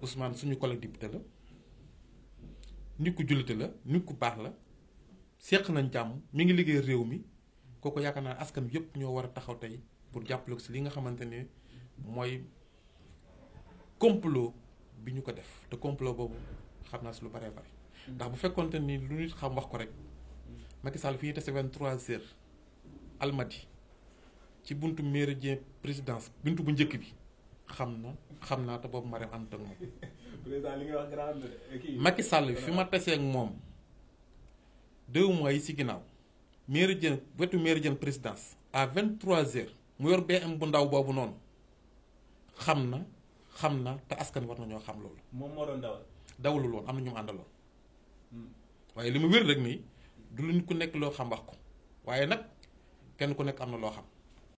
Ousmane suñu collègue député la nit ku julité la nit ku baax la seq nañ jàmm mi ngi liggéey réew mi kooku yaakaar naa askan yépp ñoo war a taxaw tey pour jàppale ko si li nga xamante ne mooy complot bi ñu ko def te complot boobu xam naa si lu bare bare ndax bu fekkonte ni lu nit xam wax ko rek Macky Sall fi ñu tase 23 heures Almadi ci buntu mairie présidence buntu bu njëkk bi. xam na xam naa te boobu Marème ànd ak moom. président li nga wax grand eh, kii. Macky Sall fi ma teseeg moom deux mois yi si ginnaaw Méridien wetu Méridien présidence à vingt trois heures mu yor am bu ndaw boobu noonu xam na xam na te askan war nañoo xam loolu. moom moo doon dawal. am na ñu mu àndaloon. Hmm. waaye li mu wér rek nii du lu ñu ku nekk loo xam wax ko waaye nag kenn ku nekk am na loo xam.